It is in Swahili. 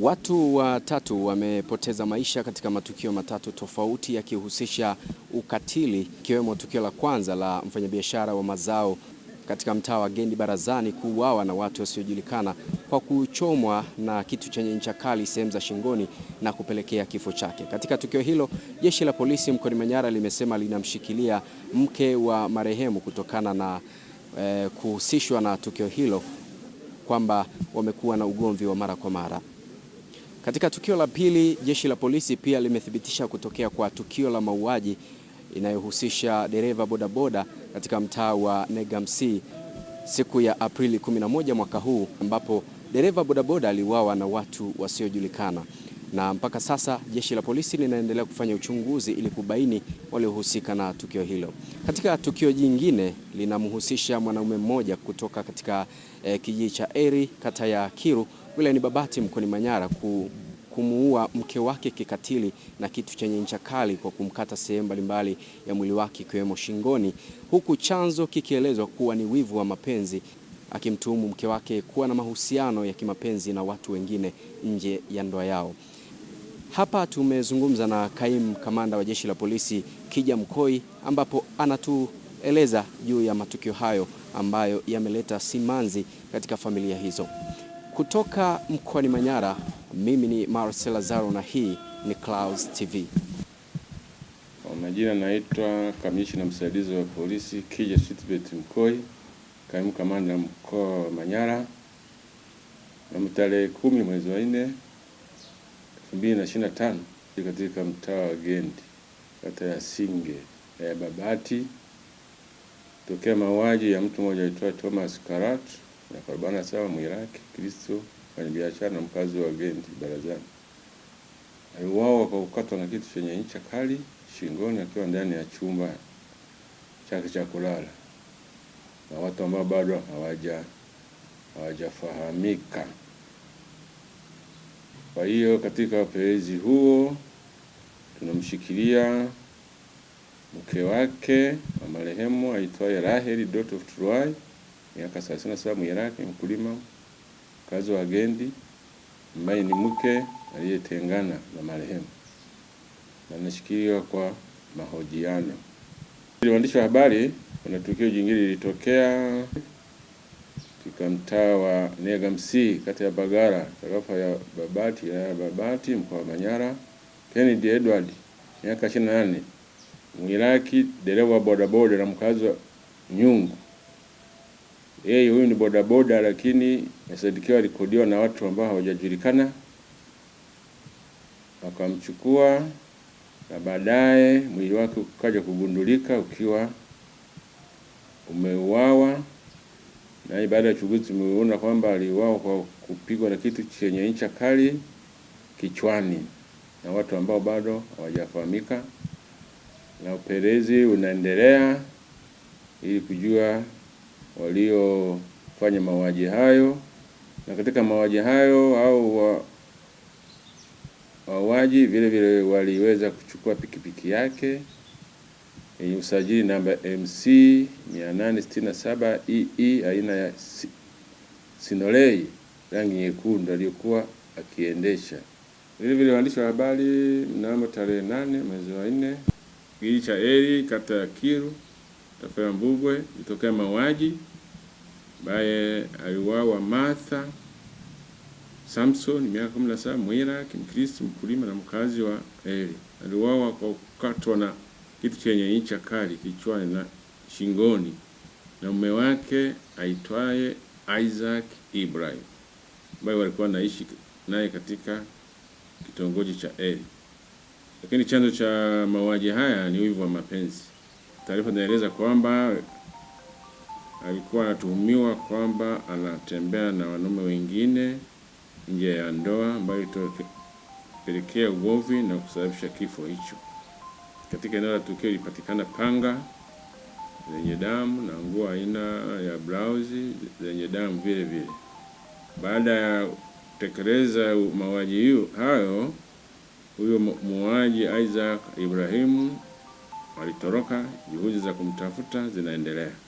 Watu watatu wamepoteza maisha katika matukio matatu tofauti yakihusisha ukatili, ikiwemo tukio la kwanza la mfanyabiashara wa mazao katika mtaa wa Gendi Barazani kuuawa na watu wasiojulikana kwa kuchomwa na kitu chenye ncha kali sehemu za shingoni na kupelekea kifo chake. Katika tukio hilo, jeshi la polisi mkoani Manyara limesema linamshikilia mke wa marehemu kutokana na eh, kuhusishwa na tukio hilo kwamba wamekuwa na ugomvi wa mara kwa mara. Katika tukio la pili, jeshi la polisi pia limethibitisha kutokea kwa tukio la mauaji inayohusisha dereva bodaboda katika mtaa wa Negamsi siku ya Aprili 11 mwaka huu ambapo dereva bodaboda aliuawa na watu wasiojulikana na mpaka sasa jeshi la polisi linaendelea kufanya uchunguzi ili kubaini waliohusika na tukio hilo. Katika tukio jingine linamhusisha mwanaume mmoja kutoka katika eh, kijiji cha Eri kata ya Kiru wilayani Babati mkoani Manyara ku kumuua mke wake kikatili na kitu chenye ncha kali kwa kumkata sehemu mbalimbali ya mwili wake ikiwemo shingoni, huku chanzo kikielezwa kuwa ni wivu wa mapenzi, akimtuhumu mke wake kuwa na mahusiano ya kimapenzi na watu wengine nje ya ndoa yao. Hapa tumezungumza na kaimu kamanda wa jeshi la polisi Kija Mkoi, ambapo anatueleza juu ya matukio hayo ambayo yameleta simanzi katika familia hizo. Kutoka mkoani Manyara, mimi ni Marcel Lazaro na hii ni Clouds TV. Kwa majina naitwa kamishna msaidizi wa polisi Kija Sitbet Mkoi, kaimu kamanda mkoa wa Manyara. Na tarehe kumi mwezi wa nne 2025 katika mtaa wa Gendi kata ya Singe ya Babati tokea mauaji ya mtu mmoja aitwaye Thomas Karat na 47 Mwiraki Kristo biashara na mkazi wa Gendi Barazani aliuawa kwa kukatwa na kitu chenye ncha kali shingoni akiwa ndani ya chumba chake cha kulala na watu ambao bado hawaja hawajafahamika. Kwa hiyo katika upelelezi huo tunamshikilia mke wake wa marehemu aitwaye Raheli Dot of Troy miaka 37, mwiraki mkulima mkazi wa Gendi, ambaye ni mke aliyetengana na marehemu na anashikiliwa kwa mahojiano. Waandishi wa habari, kuna tukio jingine lilitokea katika mtaa wa Negamsi kata ya Bagara tarafa ya Babati ya Babati mkoa wa Manyara. Kennedy Edward miaka 28 Mwiraki dereva bodaboda na mkazi wa Nyungu. Yeye huyu ni bodaboda lakini yasadikiwa alikodiwa na watu ambao hawajajulikana, wakamchukua na baadaye mwili wake ukaja kugundulika ukiwa umeuawa na yaani baada ya uchunguzi tumeona kwamba aliuawa kwa kupigwa na kitu chenye ncha kali kichwani na watu ambao bado hawajafahamika, na upelezi unaendelea ili kujua waliofanya mauaji hayo, na katika mauaji hayo au wa wauaji vile vile waliweza kuchukua pikipiki yake yenye usajili namba MC 867 EE aina ya Sinolei rangi nyekundu aliyokuwa akiendesha. Vile vile waandishi wa habari, mnamo tarehe nane mwezi wa nne kijiji cha Eri kata ya Kiru tafaya mbugwe itokea ilitokea mauaji ambaye aliuawa Martha Samson miaka saba Mwira, Kimkristo, mkulima na mkazi wa Eri. Aliuawa kwa kukatwa na kitu chenye ncha kali kichwani na shingoni, na mume wake aitwaye Isaac Ibrahim ambaye walikuwa naishi naye katika kitongoji cha Eri. Lakini chanzo cha mauaji haya ni wivu wa mapenzi. Taarifa zinaeleza kwamba alikuwa anatuhumiwa kwamba anatembea na wanaume wengine nje ya ndoa ambayo ilitopelekea ugomvi na kusababisha kifo hicho. Katika eneo la tukio ilipatikana panga zenye damu na nguo aina ya blauzi zenye damu vile vile. Baada ya kutekeleza mauaji hayo, huyo muuaji Isaac Ibrahimu alitoroka. Juhudi za kumtafuta zinaendelea.